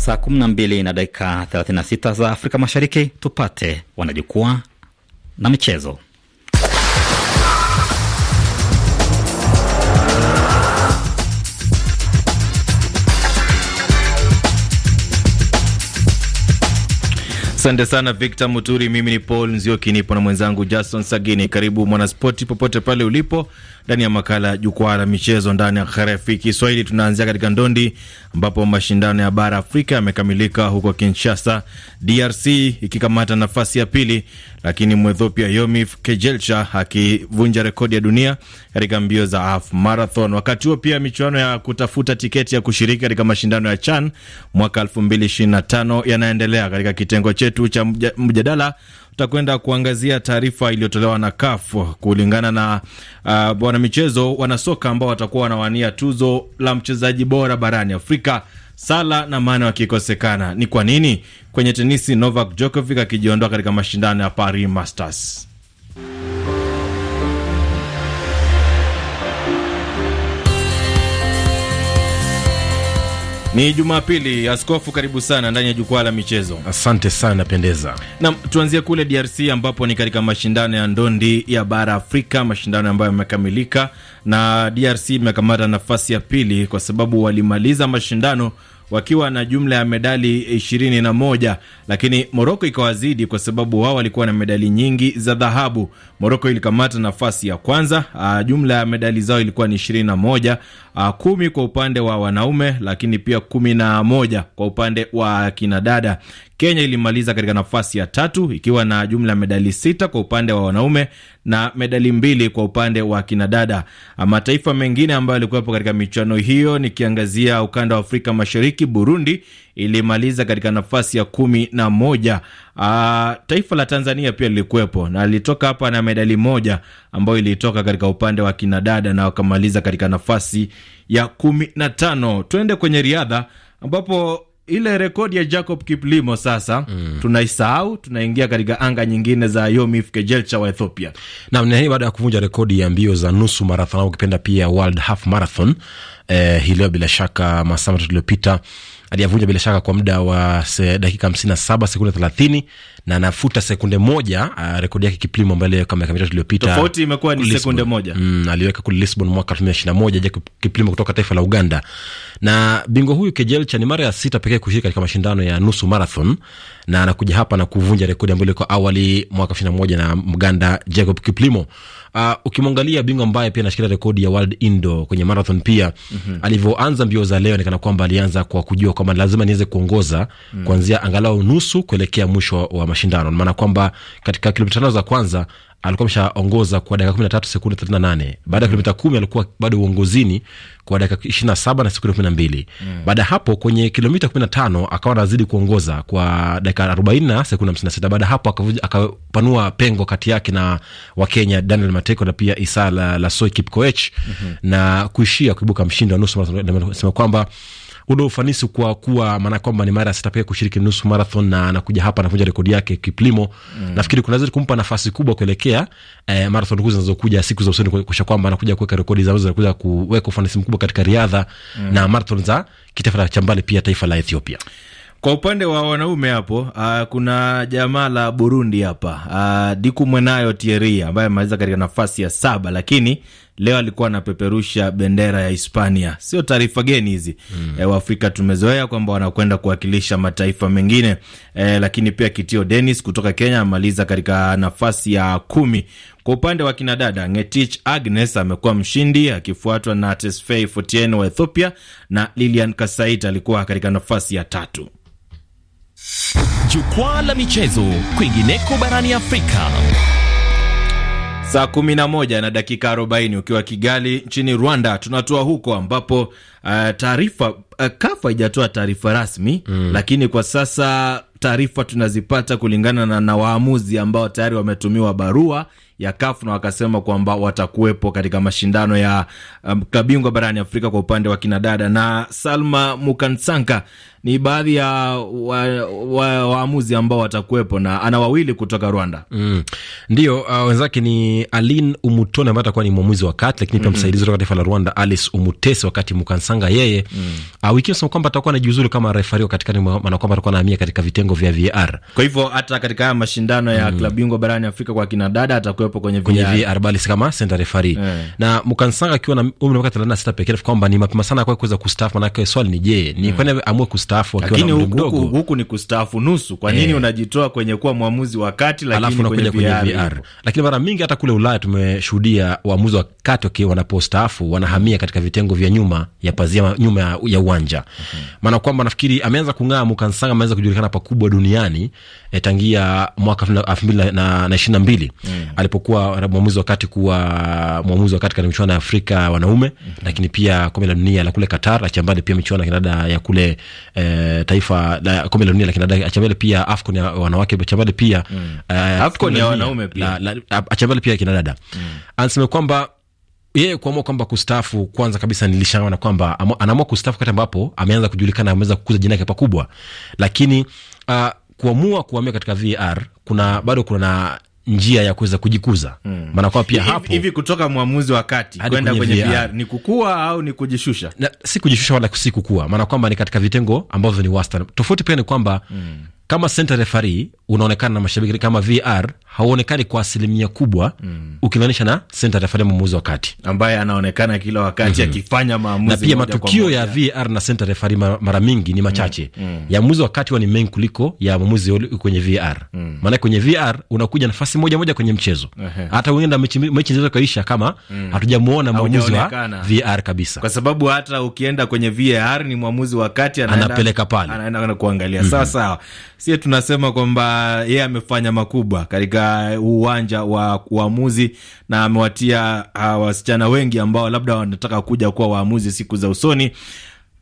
Saa 12 na dakika 36 za Afrika Mashariki, tupate wanajukwaa na michezo. Asante sana Victor Muturi. Mimi ni Paul Nzioki, nipo na mwenzangu Jason Sagini. Karibu Mwanaspoti popote pale ulipo ndani ya makala jukwaa la michezo ndani ya RFI Kiswahili. Tunaanzia katika ndondi ambapo mashindano ya bara Afrika yamekamilika huko Kinshasa, DRC ikikamata nafasi ya pili, lakini Mwethiopia Yomif Kejelcha akivunja rekodi ya dunia katika mbio za half marathon. Wakati huo pia michuano ya kutafuta tiketi ya kushiriki katika mashindano ya CHAN mwaka 2025 yanaendelea katika kitengo chetu cha mjadala tutakwenda kuangazia taarifa iliyotolewa na CAF kulingana na uh, wanamichezo wanasoka ambao watakuwa wanawania tuzo la mchezaji bora barani Afrika. Sala na Mane wakikosekana ni kwa nini? Kwenye tenisi, Novak Djokovic akijiondoa katika mashindano ya Paris Masters. Ni Jumapili. Askofu, karibu sana ndani ya jukwaa la michezo. Asante sana napendeza nam tuanzie kule DRC ambapo ni katika mashindano ya ndondi ya bara Afrika, mashindano ambayo yamekamilika na DRC imekamata nafasi ya pili kwa sababu walimaliza mashindano wakiwa na jumla ya medali ishirini na moja, lakini Moroko ikawazidi kwa sababu wao walikuwa na medali nyingi za dhahabu. Moroko ilikamata nafasi ya kwanza, ah, jumla ya medali zao ilikuwa ni ishirini na moja, ah, kumi kwa upande wa wanaume, lakini pia kumi na moja kwa upande wa kinadada. Kenya ilimaliza katika nafasi ya tatu ikiwa na jumla ya medali sita kwa upande wa wanaume na medali mbili kwa upande wa kinadada. Ah, mataifa mengine ambayo yalikuwepo katika michuano hiyo, nikiangazia ukanda wa Afrika Mashariki, Burundi ilimaliza katika nafasi ya kumi na moja. A, ah, taifa la Tanzania pia lilikuwepo na lilitoka hapa na medali moja ambayo ilitoka katika upande wa kinadada na wakamaliza katika nafasi ya kumi na tano. Tuende kwenye riadha ambapo ile rekodi ya Jacob Kiplimo sasa mm. tunaisahau, tunaingia katika anga nyingine za Yomif Kejelcha wa Ethiopia. Naam, ni hii baada ya kuvunja rekodi ya mbio za nusu marathon au ukipenda pia World Half Marathon eh, hii leo bila shaka masaa matatu iliyopita aliyavunja bila shaka kwa muda wa se, dakika saba sekunde thelathini na anafuta sekunde moja uh, rekodi yake kipimo ambayo aliweka miaka mitatu iliyopita. Tofauti imekuwa ni sekunde moja. Mm, aliweka kule Lisbon mwaka 2021 je, kipimo kutoka taifa la Uganda. Na bingwa huyu Kejelcha ni mara ya sita pekee kushiriki katika mashindano ya nusu marathon na anakuja hapa na kuvunja rekodi ambayo ilikuwa awali mwaka na moja na Mganda Jacob Kiplimo. Uh, ukimwangalia bingwa ambaye pia anashikilia rekodi ya World Indoor kwenye marathon pia mm -hmm. alivyoanza mbio za leo nikana kwamba alianza kwa kujua kwamba lazima niweze kuongoza mm -hmm. kuanzia angalau nusu kuelekea mwisho wa mashindano, maana kwamba katika kilomita tano za kwanza alikuwa ameshaongoza kwa dakika kumi na tatu sekunde thelathini na nane baada ya mm. kilomita kumi alikuwa bado uongozini kwa dakika ishirini na saba na sekunde kumi na mbili mm. baada ya hapo kwenye kilomita kumi na tano akawa anazidi kuongoza kwa dakika arobaini na sekunde hamsini na sita baada ya hapo akapanua pengo kati yake na wakenya Daniel Mateko na pia Isa Lasoi la Kipkoech mm -hmm. na kuishia kuibuka mshindi wa nusu Nasema kwamba ule ufanisi kwa kuwa maana kwamba ni mara sita pekee kushiriki nusu marathon na anakuja hapa anavunja rekodi yake Kiplimo. Mm. Nafikiri kunaweza kumpa nafasi kubwa kuelekea eh, marathon hizo zinazokuja siku za usoni, kuhakikisha kwamba anakuja kuweka rekodi za zinakuja kuweka ufanisi mkubwa katika riadha mm. na marathon za kitaifa cha mbali, pia taifa la Ethiopia. Kwa upande wa wanaume hapo, uh, kuna jamaa la Burundi hapa, uh, Diku Mwenayo Tieria ambaye amaliza katika nafasi ya saba, lakini leo alikuwa anapeperusha bendera ya Hispania. Sio taarifa geni hizi mm. E, Waafrika tumezoea kwamba wanakwenda kuwakilisha mataifa mengine e, lakini pia Kitio denis kutoka Kenya amaliza katika nafasi ya kumi. Kwa upande wa kinadada Ngetich Agnes amekuwa mshindi akifuatwa na Tesfei Fotien wa Ethiopia na Lilian Kasait alikuwa katika nafasi ya tatu. Jukwaa la michezo kwingineko barani Afrika. Saa kumi na moja na dakika arobaini ukiwa Kigali nchini Rwanda, tunatua huko ambapo uh, taarifa uh, kafa haijatoa taarifa rasmi mm. Lakini kwa sasa taarifa tunazipata kulingana na, na waamuzi ambao tayari wametumiwa barua ya kafu na wakasema kwamba watakuwepo katika mashindano ya um, eh, klabingwa barani Afrika kwa upande wa kinadada. Na Salma Mukansanka ni baadhi ya wa, wa, wa waamuzi ambao watakuwepo na ana wawili kutoka Rwanda mm. Ndio uh, wenzake ni Alin Umutone ambaye atakuwa ni mwamuzi wa kati, lakini pia msaidizi kutoka taifa la Rwanda Alice Umutese, wakati Mukansanga yeye mm. uh, wiki nasema kwamba atakuwa anajiuzuru kama refari katikati, maana kwamba atakuwa anahamia katika vitengo vya VR. Kwa hivyo hata katika haya mashindano ya mm. klabu bingwa barani Afrika kwa kina dada atakuwepo kwenye VR, kwenye VR bali kama center refari yeah. na Mukansanga akiwa na umri wa miaka 36 pekee, kwamba ni mapema sana kwa kuweza kustaafu, maana swali ni je, ni mm. kwani amue kustaafu kustafu wakiwa na umri mdogo. Huku, huku ni kustafu nusu. Kwa nini e, unajitoa kwenye kuwa mwamuzi wa kati lakini kwenye VR, VR. Lakini mara mingi hata kule Ulaya tumeshuhudia waamuzi wa kati wakiwa wanapostaafu wanahamia katika vitengo vya nyuma ya pazia nyuma ya uwanja. Mhm. maana mm -hmm. kwamba nafikiri ameanza kung'aa Mukansanga ameanza kujulikana pakubwa duniani eh, tangia mwaka na na mbili mm, alipokuwa mwamuzi wa kati kuwa mwamuzi wa kati katika michuano ya Afrika wanaume, mm -hmm. Lakini pia kombe la dunia la kule Qatar, acha mbali pia michuano ya kinada ya kule eh, taifa la kombe la dunia lakini kinadada, achambele pia AFCON ya wanawake, achambele pia mm. Eh, AFCON ya wanaume pia, la, la, achambele pia kinadada mm. anasema kwamba yeye kuamua kwamba kustaafu, kwanza kabisa nilishangaa na kwamba anaamua kustaafu wakati ambapo ameanza kujulikana, ameweza kukuza jina yake pakubwa, lakini uh, kuamua kuhamia katika VAR kuna bado kuna njia ya kuweza kujikuza mm. kwa pia hapo hivi kutoka mwamuzi wa kati kwenda kwenye VR ni kukua au ni kujishusha? Na, si kujishusha wala si kukua, maana kwamba ni katika vitengo ambavyo ni wastani. Tofauti pia ni kwamba mm kama center referee unaonekana na mashabiki kama VR hauonekani kwa asilimia kubwa mm. ukilinganisha na center referee mwamuzi wa kati ambaye anaonekana kila wakati mhm. akifanya mm -hmm. maamuzi, na pia matukio ya VR na center referee mara mingi ni machache mm. Mm. ya mwamuzi wa kati ni mengi kuliko ya mwamuzi kwenye VR mm. maana kwenye VR unakuja nafasi moja moja kwenye mchezo hata uenda mechi mechi inaweza kaisha kama mm. hatujamuona mwamuzi wa VR kabisa, kwa sababu hata ukienda kwenye VR ni mwamuzi wa kati anapeleka pale anaenda kuangalia mhm. sawa sawa sie tunasema kwamba yeye amefanya makubwa katika uwanja wa uamuzi na amewatia uh, wasichana wengi ambao labda wanataka kuja kuwa waamuzi siku za usoni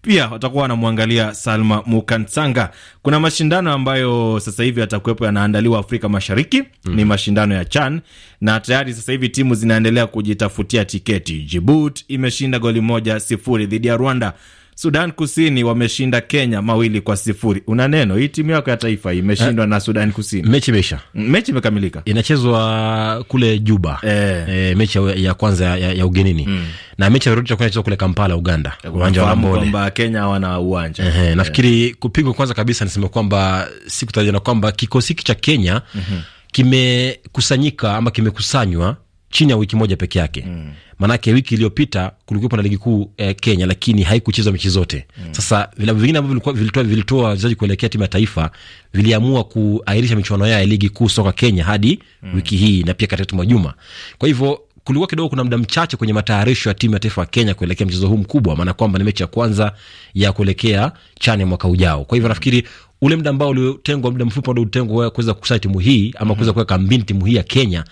pia watakuwa wanamwangalia Salma Mukansanga. Kuna mashindano ambayo sasa hivi yatakuwepo yanaandaliwa Afrika Mashariki mm. Ni mashindano ya CHAN na tayari sasa hivi timu zinaendelea kujitafutia tiketi. Djibouti imeshinda goli moja sifuri dhidi ya Rwanda. Sudan Kusini wameshinda Kenya mawili kwa sifuri. Una neno hii timu yako ya taifa imeshindwa eh, na Sudan Kusini. Mechi imeisha, mechi imekamilika, inachezwa kule Juba e. E, mechi ya kwanza ya, ya ugenini mm. na mechi yairudisha kuchezwa kule Kampala, Uganda, uwanja wa Rambole kwamba Kenya wana uwanja e. Nafikiri kupigwa kwanza kabisa niseme kwamba sikutarajia na kwamba kikosi hiki cha Kenya mm -hmm. kimekusanyika ama kimekusanywa chini ya wiki moja peke yake mm. Maanake wiki iliyopita kulikuwepo na ligi kuu eh, Kenya, lakini haikucheza mechi zote mm. Sasa vilabu vingine ambavyo vilitoa wachezaji kuelekea timu ya taifa viliamua kuahirisha michuano yao ya ligi kuu soka Kenya hadi mm. wiki hii na pia katikati mwa juma. Kwa hivyo kulikuwa kidogo kuna muda mchache kwenye matayarisho ya timu ya taifa ya Kenya kuelekea mchezo huu mkubwa, maana kwamba ni mechi ya kwanza ya kuelekea chane mwaka ujao. Kwa hivyo nafikiri ule muda ambao uliotengwa, muda mfupi ambao uliotengwa kuweza kukusanya timu hii ama kuweza mhm. kuweka mbinu timu hii ya Kenya,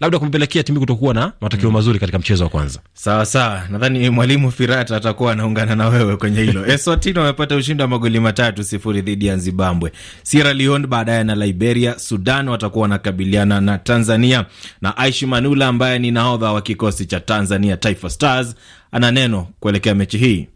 labda kumpelekea timu kutokuwa na matokeo mhm. mazuri katika mchezo wa kwanza. Sawa sawa, nadhani mwalimu Firata atakuwa anaungana na wewe kwenye hilo. Eswatini wamepata ushindi wa magoli matatu sifuri dhidi ya Zimbabwe, Sierra Leone baadaye na Liberia, Sudan watakuwa wanakabiliana na Tanzania na Aishi Manula ambaye ni nahodha wa kikosi cha Tanzania Taifa Stars ana neno kuelekea mechi hii.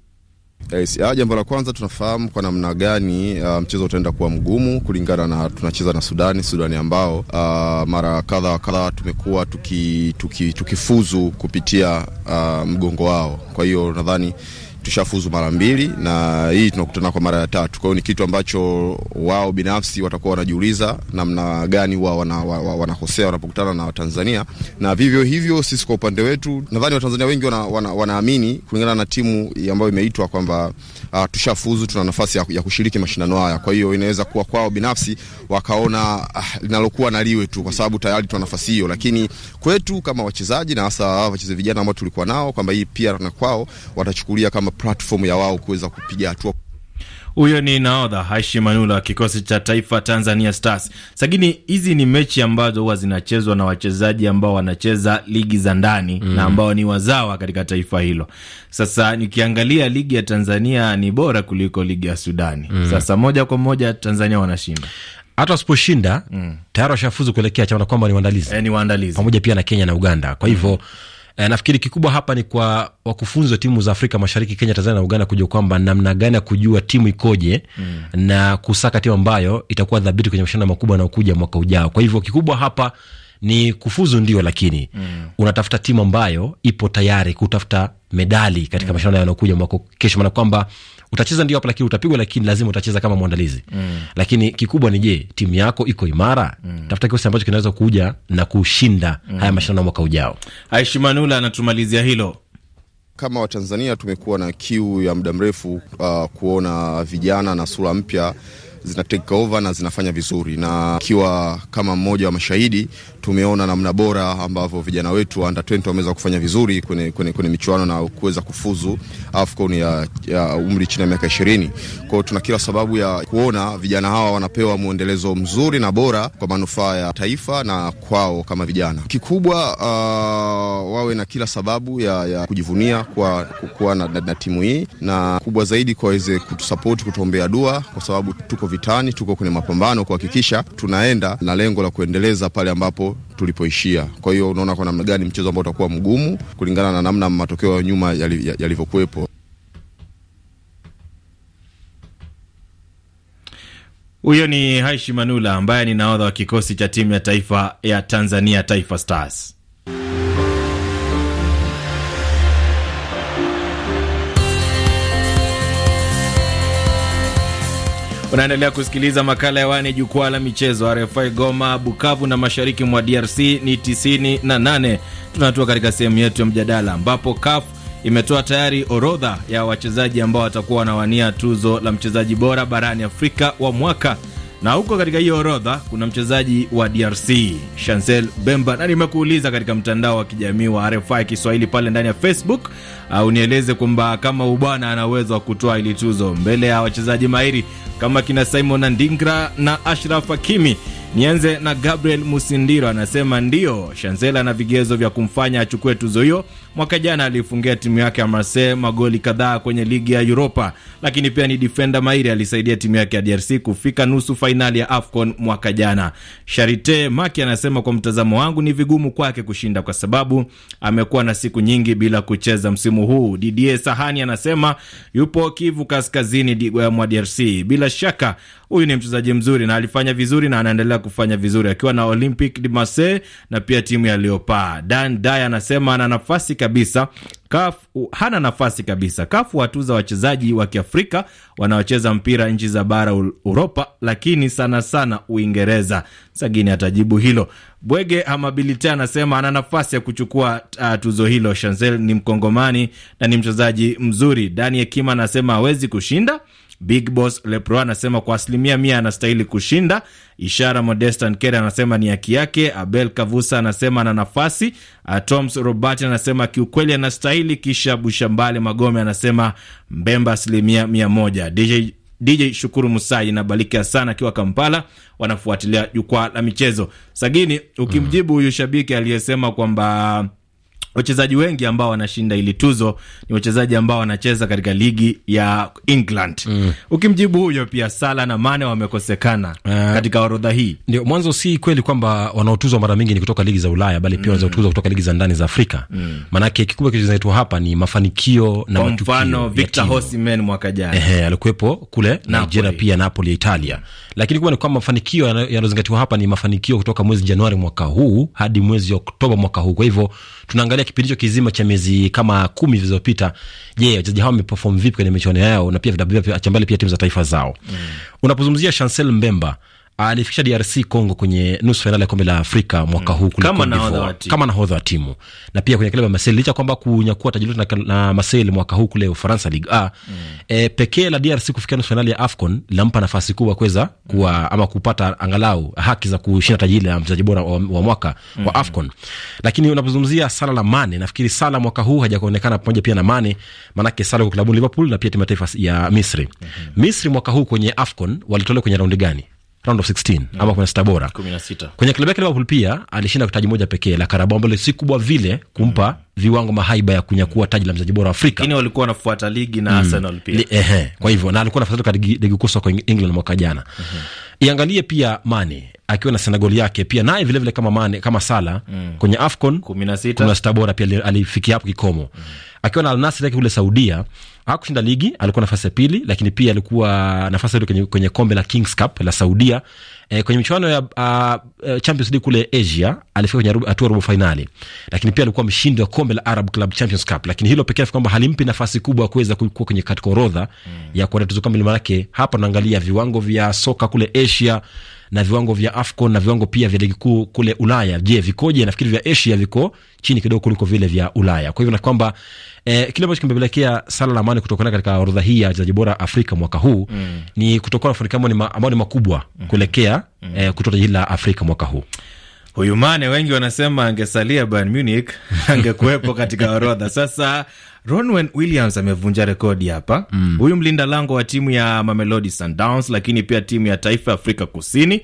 Ya, eh, ah, jambo la kwanza tunafahamu kwa namna gani uh, mchezo utaenda kuwa mgumu kulingana na tunacheza na Sudani, Sudani ambao uh, mara kadha wa kadha tumekuwa tukifuzu tuki, tuki kupitia uh, mgongo wao. Kwa hiyo nadhani tushafuzu mara mbili na hii tunakutana kwa mara ya tatu. Kwa hiyo ni kitu ambacho wao binafsi watakuwa wanajiuliza namna gani wao wanakosea wanapokutana na Watanzania, na vivyo hivyo sisi kwa upande wetu, nadhani Watanzania wengi wanaamini wana, wana kulingana na timu ambayo imeitwa kwamba uh, tushafuzu, tuna nafasi ya, ya kushiriki mashindano haya. Kwa hiyo inaweza kuwa kwao binafsi wakaona ah, linalokuwa uh, na liwe tu, kwa sababu tayari tuna nafasi hiyo, lakini kwetu kama wachezaji na hasa wachezaji vijana ambao tulikuwa nao kwamba hii pia na kwao watachukulia kama platform ya wao kuweza kupiga hatua huyo ni naodha Haishi Manula, wa kikosi cha taifa Tanzania Stars. Lakini hizi ni mechi ambazo huwa zinachezwa na wachezaji ambao wanacheza ligi za ndani mm, na ambao ni wazawa katika taifa hilo. Sasa nikiangalia ligi ya Tanzania ni bora kuliko ligi ya Sudani mm. Sasa moja kwa moja Tanzania wanashinda hata wasiposhinda mm, tayari washafuzu kuelekea chama, na kwamba ni waandalizi e, ni waandalizi pamoja pia na Kenya na Uganda, kwa hivyo mm E, nafikiri kikubwa hapa ni kwa wakufunzi wa timu za Afrika Mashariki, Kenya, Tanzania na Uganda kujua kwamba namna gani ya kujua timu ikoje mm. na kusaka timu ambayo itakuwa dhabiti kwenye mashindano makubwa yanayokuja mwaka ujao. Kwa hivyo kikubwa hapa ni kufuzu ndio, lakini mm. unatafuta timu ambayo ipo tayari kutafuta medali katika mm. mashindano yanayokuja mwako kesho, maana kwamba utacheza ndio hapa, lakini utapigwa, lakini lazima utacheza kama mwandalizi mm. lakini kikubwa ni je, timu yako iko imara mm. tafuta kikosi ambacho kinaweza kuja na kushinda mm. haya mashindano mwaka ujao. Aishi Manula anatumalizia hilo. Kama Watanzania tumekuwa na kiu ya muda mrefu uh, kuona vijana na sura mpya zina take over na zinafanya vizuri, na ikiwa kama mmoja wa mashahidi tumeona namna bora ambavyo vijana wetu under 20 wameweza kufanya vizuri kwenye, kwenye, kwenye michuano na kuweza kufuzu AFCON ya, ya umri chini ya miaka 20. Kwao tuna kila sababu ya kuona vijana hawa wanapewa mwendelezo mzuri na bora kwa manufaa ya taifa na kwao kama vijana. Kikubwa uh, wawe na kila sababu ya, ya kujivunia kwa kuwa na, na, na timu hii na kubwa zaidi kwa waweze kutusapoti, kutuombea dua, kwa sababu tuko vitani, tuko kwenye mapambano kuhakikisha tunaenda na lengo la kuendeleza pale ambapo tulipoishia. Kwa hiyo unaona kwa namna gani mchezo ambao utakuwa mgumu kulingana na namna matokeo ya nyuma yalivyokuwepo Huyo ni Haishi Manula ambaye ni nahodha wa kikosi cha timu ya taifa ya Tanzania Taifa Stars. Unaendelea kusikiliza makala ya wane jukwaa la michezo RFI Goma, Bukavu na mashariki mwa DRC ni 98. Tunatua katika sehemu yetu ya mjadala ambapo CAF imetoa tayari orodha ya wachezaji ambao watakuwa wanawania tuzo la mchezaji bora barani Afrika wa mwaka, na huko katika hiyo orodha kuna mchezaji wa DRC Chancel Bemba, na nimekuuliza katika mtandao wa kijamii wa RFI Kiswahili pale ndani ya Facebook unieleze kwamba kama ubwana ana uwezo wa kutoa hili tuzo mbele ya wachezaji mahiri kama kina Simon Andingra na Ashraf Hakimi. Nianze na Gabriel Musindiro, anasema ndio Shanzela na vigezo vya kumfanya achukue tuzo hiyo. Mwaka jana alifungia timu yake ya Marseille magoli kadhaa kwenye ligi ya Europa, lakini pia ni defender mahiri, alisaidia timu yake ya DRC kufika nusu fainali ya AFCON mwaka jana. Sharite Maki anasema kwa mtazamo wangu ni vigumu kwake kushinda kwa sababu amekuwa na siku nyingi bila kucheza msimu huu. Didier Sahani anasema yupo Kivu Kaskazini eh, mwa DRC bila bila shaka huyu ni mchezaji mzuri na alifanya vizuri na anaendelea kufanya vizuri akiwa na Olympic de Marseille na pia timu ya Leopard. Dan Dai anasema ana nafasi kabisa CAF, hana nafasi kabisa. Kafu watuza wachezaji wa Kiafrika wanaocheza mpira nchi za bara Uropa, lakini sana sana Uingereza. Sagini atajibu hilo. Bwege Amabilite anasema ana nafasi ya kuchukua uh, tuzo hilo. Chancel ni Mkongomani na ni mchezaji mzuri. Dani Hekima anasema hawezi kushinda Big Boss Lepro anasema kwa asilimia mia anastahili kushinda. Ishara Modesta Nkere anasema ni haki yake. Abel Kavusa anasema ana nafasi. Ah, Toms Robert anasema kiukweli anastahili. Kisha Bushambale Magome anasema Mbemba asilimia mia moja. DJ DJ Shukuru Musai na inabalika sana akiwa Kampala, wanafuatilia jukwaa la michezo. Sagini, ukimjibu mm. huyu shabiki aliyesema kwamba wachezaji wengi ambao wanashinda ili tuzo ni wachezaji ambao wanacheza katika ligi ya England. Mm. Ukimjibu huyo pia Sala na Mane wamekosekana uh, katika orodha hii. Ndio mwanzo, si kweli kwamba wanaotuzwa mara mingi ni kutoka ligi za Ulaya, bali pia mm. wanaotuzwa kutoka ligi za ndani za Afrika. Mm. Maanake kikubwa kilichonaitwa hapa ni mafanikio na matukio. Kwa mfano Victor Osimhen mwaka jana. Ehe, alikuwepo kule Nigeria pia Napoli ya Italia. Lakini kubwa ni kwamba mafanikio yanayozingatiwa hapa ni mafanikio kutoka mwezi Januari mwaka huu hadi mwezi Oktoba mwaka huu. Kwa hivyo tunaangalia ukiangalia kipindi hicho kizima cha miezi kama kumi zilizopita, je, wachezaji hao wameperform vipi kwenye michuano yao na pia vyao, achambali pia timu za taifa zao. Mm. Unapozungumzia Chancel Mbemba alifikisha DRC Congo kwenye nusu fainali ya kombe la Afrika mwaka huu mm. kama nahodha wa timu na pia kwenye klabu ya Marseille licha kwamba kunyakua taji lote na, na Marseille mwaka huu kule Ufaransa Ligue A mm. E, pekee la DRC kufikia nusu fainali ya AFCON linampa nafasi kubwa kuweza kuwa mm. ama kupata angalau haki za kushinda taji la mchezaji bora wa, wa mwaka mm. wa AFCON, lakini unapozungumzia Sala la Mane, nafikiri Sala mwaka huu hajakuonekana pamoja pia na Mane, manake Sala kwa klabu Liverpool na pia timu ya taifa ya Misri mm -hmm. Misri mwaka huu kwenye AFCON walitolewa kwenye raundi gani? round of 16 mm. ama kwenye sita bora 16. Kwenye klabu yake Liverpool pia alishinda taji moja pekee la Carabao ambalo si kubwa vile kumpa mm. viwango mahaiba ya kunyakua taji la mchezaji bora Afrika, lakini walikuwa wanafuata ligi na mm. Arsenal pia li, ehe, kwa hivyo na alikuwa nafasi katika ligi kuu soka England mwaka jana. mm -hmm. Iangalie pia Mane akiwa na Senegal yake pia naye vile vile kama Mane, kama Sala mm. kwenye Afcon 16 bora pia alifikia hapo kikomo mm. akiwa na Al Nassr yake kule Saudia hakushinda ligi, alikuwa nafasi ya pili, lakini pia alikuwa nafasi ya kwenye, kwenye kombe la Kings Cup la Saudia e, kwenye michuano ya uh, Champions League kule Asia alifika kwenye hatua robo finali, lakini pia alikuwa mshindi wa kombe la Arab Club Champions Cup, lakini hilo pekee kwamba halimpi nafasi kubwa ya kuweza kuwa kwenye katika orodha mm. ya kuwa tuzo kamili. Maanake hapa naangalia viwango vya soka kule Asia na viwango vya AFCON na viwango pia vya ligi kuu kule Ulaya, je, vikoje? Nafikiri vya Asia viko chini kidogo kuliko vile vya Ulaya. Kwa hivyo na kwamba eh, kile ambacho kimepelekea la amani kutokana katika orodha hii ya wachezaji bora Afrika mwaka huu mm. ni kutokana na mafanikio ambayo ni makubwa mm. kuelekea mm. eh, kutoa taji la Afrika mwaka huu. Huyu Mane wengi wanasema angesalia Bayern Munich angekuwepo katika orodha. Sasa Ronwen Williams amevunja rekodi hapa mm. huyu mm. mlinda lango wa timu ya Mamelodi Sundowns, lakini pia timu ya taifa ya Afrika Kusini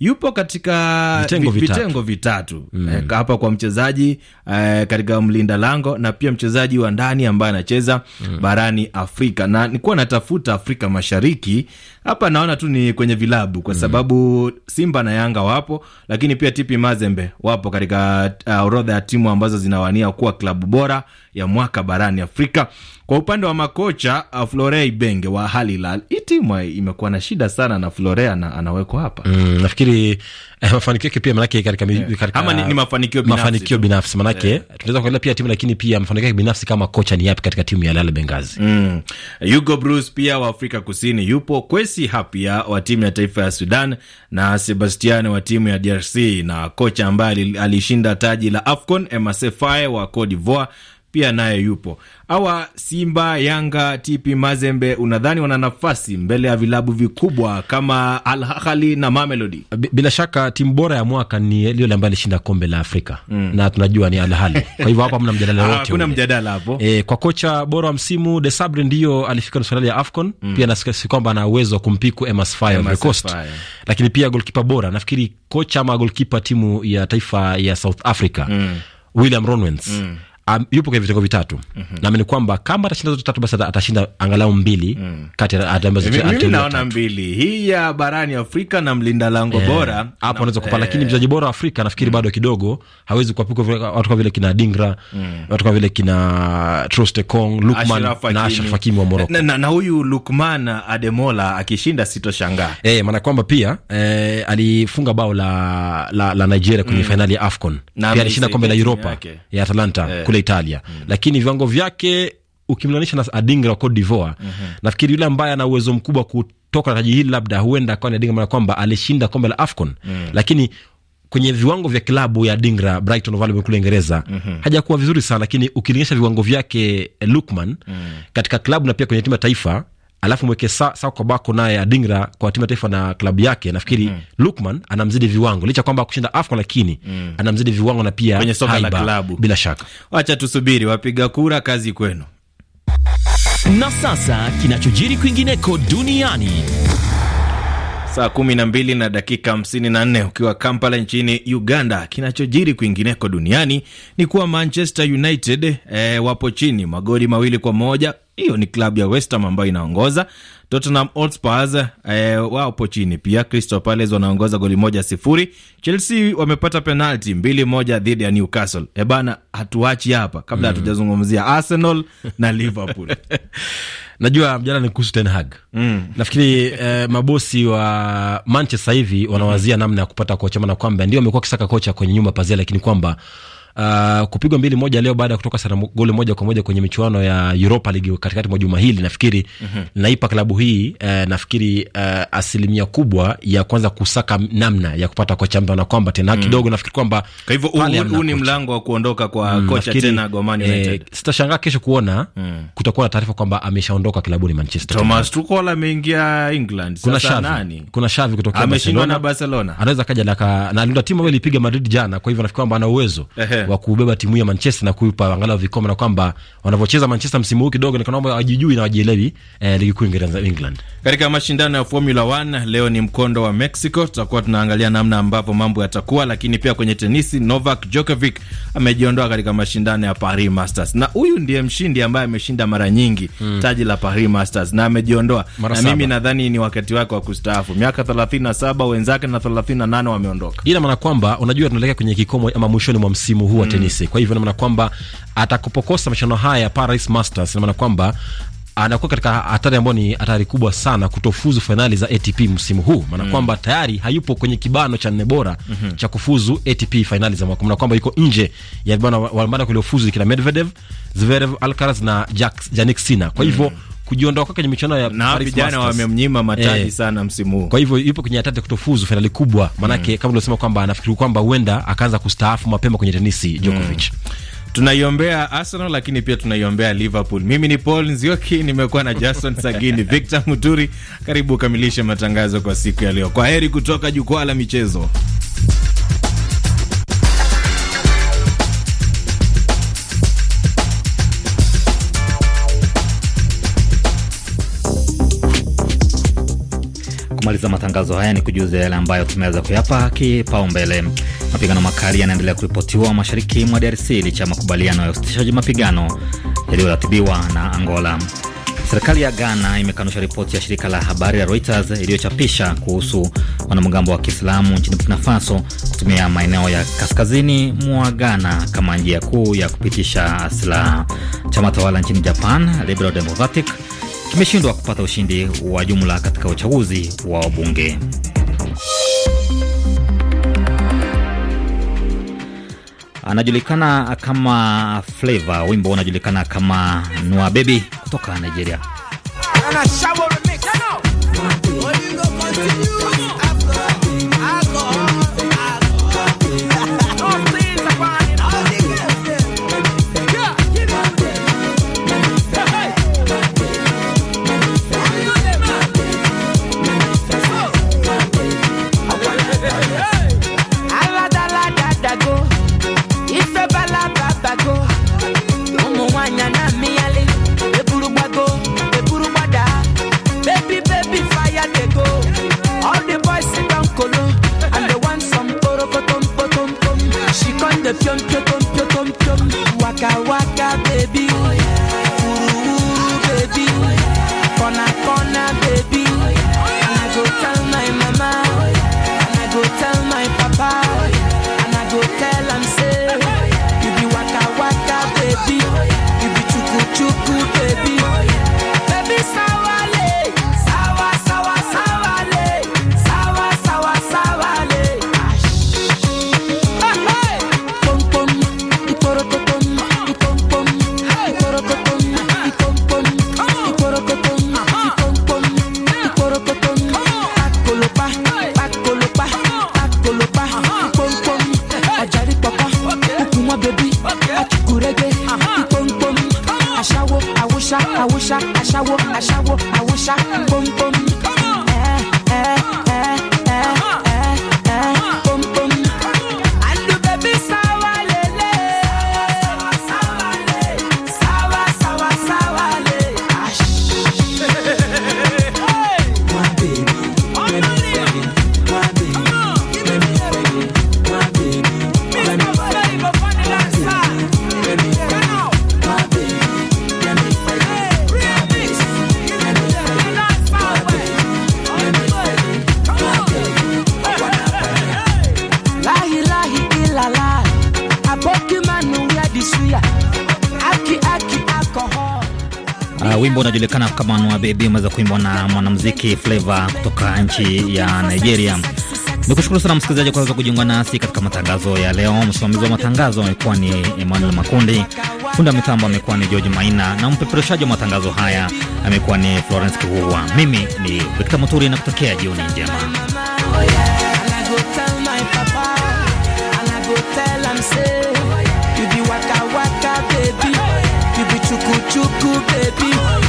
yupo katika vitengo vitatu, vitengo vitatu. Mm. Eh, hapa kwa mchezaji eh, katika mlinda lango na pia mchezaji wa ndani ambaye anacheza mm. barani Afrika, na nikuwa natafuta Afrika Mashariki hapa naona tu ni kwenye vilabu kwa mm. sababu mm. Simba na Yanga wapo, lakini pia TP Mazembe wapo katika uh, orodha ya timu ambazo zinawania kuwa klabu bora ya mwaka barani Afrika. Kwa upande wa makocha uh, Flore Ibenge wa Al Hilal, hii timu imekuwa na shida sana na Flore ana, anawekwa hapa mm, nafikiri eh, mafanikio yake pia manake katika, yeah. ama ni, ni mafanikio binafsi, mafanikio binafsi manake yeah. tunaweza kuangalia pia timu lakini pia mafanikio yake binafsi kama kocha ni yapi katika timu ya Al Hilal Bengazi. Mm. Hugo Bruce pia wa Afrika Kusini yupo Kwesi Messi Hapia wa timu ya taifa ya Sudan na Sebastian wa timu ya DRC na kocha ambaye alishinda taji la AFCON MSFI wa Cote d'Ivoire pia naye yupo. Awa Simba, Yanga, TP Mazembe, unadhani wana nafasi mbele ya vilabu vikubwa kama Al Ahly na Mamelodi? Bila shaka timu bora ya mwaka ni lile ambaye alishinda kombe la Afrika mm. na tunajua ni Al Ahly, kwa hivyo hapo hamna mjadala ah, wote, kuna mjadala hapo e. Kwa kocha bora wa msimu De Sabre ndiyo alifika nusu fainali ya AFCON mm. pia nasikia kwamba ana uwezo wa kumpiku Emasfaye Ivory Coast, lakini pia golkipa bora nafikiri kocha ama golkipa timu ya taifa ya South Africa mm. William Ronwens mm um, yupo kwenye vitengo vitatu mm -hmm. Naamini kwamba kama atashinda zote tatu basi atashinda angalau mbili mm. kati ya mimi naona mbili hii ya barani Afrika na mlinda lango yeah. bora hapo anaweza kupata, lakini eh. mchezaji bora wa Afrika nafikiri mm. bado kidogo hawezi kuwapika watu kama vile kina Dingra mm. watu kama vile kina Troste Kong, Lukman na Ashraf Hakimi wa Moroko na, na, na huyu Lukman Ademola akishinda sitoshangaa eh, maana kwamba pia eh, alifunga bao la, la, la Nigeria kwenye mm. finali ya AFCON na pia alishinda kombe la Europa ya Atalanta yeah. kule kule Italia mm. Lakini viwango vyake ukimlinganisha na Adingra wa Cote d'Ivoire mm -hmm. Nafikiri yule ambaye ana uwezo mkubwa kutoka taji hili labda huenda akawa ni Adingra, maana kwamba alishinda kombe la AFCON mm. lakini kwenye viwango vya klabu ya Dingra Brighton of Albion kule Uingereza mm -hmm. hajakuwa vizuri sana, lakini ukilinganisha viwango vyake eh, Lukman mm. katika klabu na pia kwenye timu ya taifa alafu mweke sa, sa bako naye adingra kwa timu ya taifa na klabu yake nafikiri mm. Lukman anamzidi viwango licha kwamba kushinda AFCON lakini mm. anamzidi viwango na pia kwenye soka la klabu bila shaka. Wacha tusubiri wapiga kura, kazi kwenu. Na sasa kinachojiri kwingineko duniani saa kumi na mbili na dakika hamsini na nne ukiwa Kampala nchini Uganda. Kinachojiri kwingineko duniani ni kuwa Manchester United eh, wapo chini magoli mawili kwa moja hiyo ni klabu ya westham ambayo inaongoza. Tottenham Hotspur eh, wapo chini pia. Crystal Palace wanaongoza goli moja sifuri. Chelsea wamepata penalti mbili moja dhidi ya Newcastle. E bana, hatuachi hapa kabla mm. hatujazungumzia mm. Arsenal na Liverpool najua mjana ni kuhusu Ten mm. nafikiri eh, mabosi wa Manchester hivi wanawazia mm. namna ya kupata kocha, maana kwamba ndio amekuwa kisaka kocha kwenye nyuma pazia, lakini kwamba uh, kupigwa mbili moja leo baada ya kutoka sana goli moja kwa moja kwenye michuano ya Europa League katikati mwa juma hili, nafikiri mm -hmm. naipa klabu hii uh, nafikiri uh, asilimia kubwa ya kwanza kusaka namna ya kupata kocha mpya na kwamba tena mm. kidogo nafikiri kwamba kwa hivyo huu ni mlango wa kuondoka kwa mm, kocha tena Goma eh, United. E, sitashangaa kesho kuona mm. kutakuwa na taarifa kwamba ameshaondoka klabu ni Manchester. Thomas Tuchel ameingia England. Kuna sasa Shavi. Nani? Kuna Shavi kutoka Barcelona. Ameshindwa na Barcelona. Anaweza kaja na na timu ambayo ilipiga Madrid jana, kwa hivyo nafikiri kwamba ana uwezo wa kubeba timu ya Manchester na kuipa angalau vikombe, na kwamba wanavyocheza Manchester msimu huu kidogo ni kwamba hawajijui na hawajielewi eh, ligi kuu ya England. Katika mashindano ya Formula 1 leo ni mkondo wa Mexico, tutakuwa tunaangalia namna ambapo mambo yatakuwa, lakini pia kwenye tenisi Novak Djokovic amejiondoa katika mashindano ya Paris Masters, na huyu ndiye mshindi ambaye ameshinda mara nyingi hmm, taji la Paris Masters na amejiondoa, na mimi nadhani ni wakati wake wa kustaafu. Miaka 37 wenzake na 38 wameondoka, ila maana kwamba unajua tunaelekea kwenye kikomo ama mwishoni mwa msimu huu mkuu wa mm. tenisi. Kwa hivyo inamaana kwamba atakapokosa mashindano haya ya Paris Masters, inamaana kwamba anakuwa katika hatari ambayo ni hatari kubwa sana kutofuzu fainali za ATP msimu huu, maana mm. kwamba tayari hayupo kwenye kibano cha nne bora mm -hmm. cha kufuzu ATP fainali za mwaka, maana kwamba yuko nje ya vibana walibana kuliofuzu kina Medvedev, Zverev, Alcaraz na Jack, Jannik Kwa hivyo mm kujiondoa kwake kwenye michuano ya na vijana wamemnyima mataji eh, sana msimu huu. Kwa hivyo yupo kwenye hatari kutofuzu fainali kubwa, maanake mm, kama ulivyosema kwamba anafikiri kwamba huenda akaanza kustaafu mapema kwenye tenisi mm. Djokovic. Mm. Tunaiombea Arsenal lakini pia tunaiombea Liverpool. Mimi ni Paul Nzioki, nimekuwa na Jason Sagini, Victor Muturi. Karibu ukamilishe matangazo kwa siku ya leo. Kwa heri kutoka jukwaa la michezo. kumaliza matangazo haya ni kujuza yale ambayo tumeweza kuyapa kipaumbele. Mapigano makali yanaendelea kuripotiwa mashariki mwa DRC licha ya makubaliano ya usitishaji mapigano yaliyoratibiwa na Angola. Serikali ya Ghana imekanusha ripoti ya shirika la habari la Reuters iliyochapisha kuhusu wanamgambo wa Kiislamu nchini Burkina Faso kutumia maeneo ya kaskazini mwa Ghana kama njia kuu ya kupitisha silaha. Chama tawala nchini Japan Liberal Democratic kimeshindwa kupata ushindi wa jumla katika uchaguzi wa wabunge. Anajulikana kama Flava, wimbo unajulikana kama Nua Baby kutoka Nigeria. woman. wimbo unajulikana kama Nwa Baby umeweza kuimbwa na mwanamuziki Flavor kutoka nchi ya Nigeria. Nikushukuru sana msikilizaji kwa kuweza kujiunga nasi katika matangazo ya leo. Msimamizi wa matangazo amekuwa ni Emmanuel Makundi, fundi wa mitambo amekuwa ni George Maina na mpeperushaji wa matangazo haya amekuwa ni Florence kuhua Mimi ni Victor Muturi na kutokea jioni njema. Chuku baby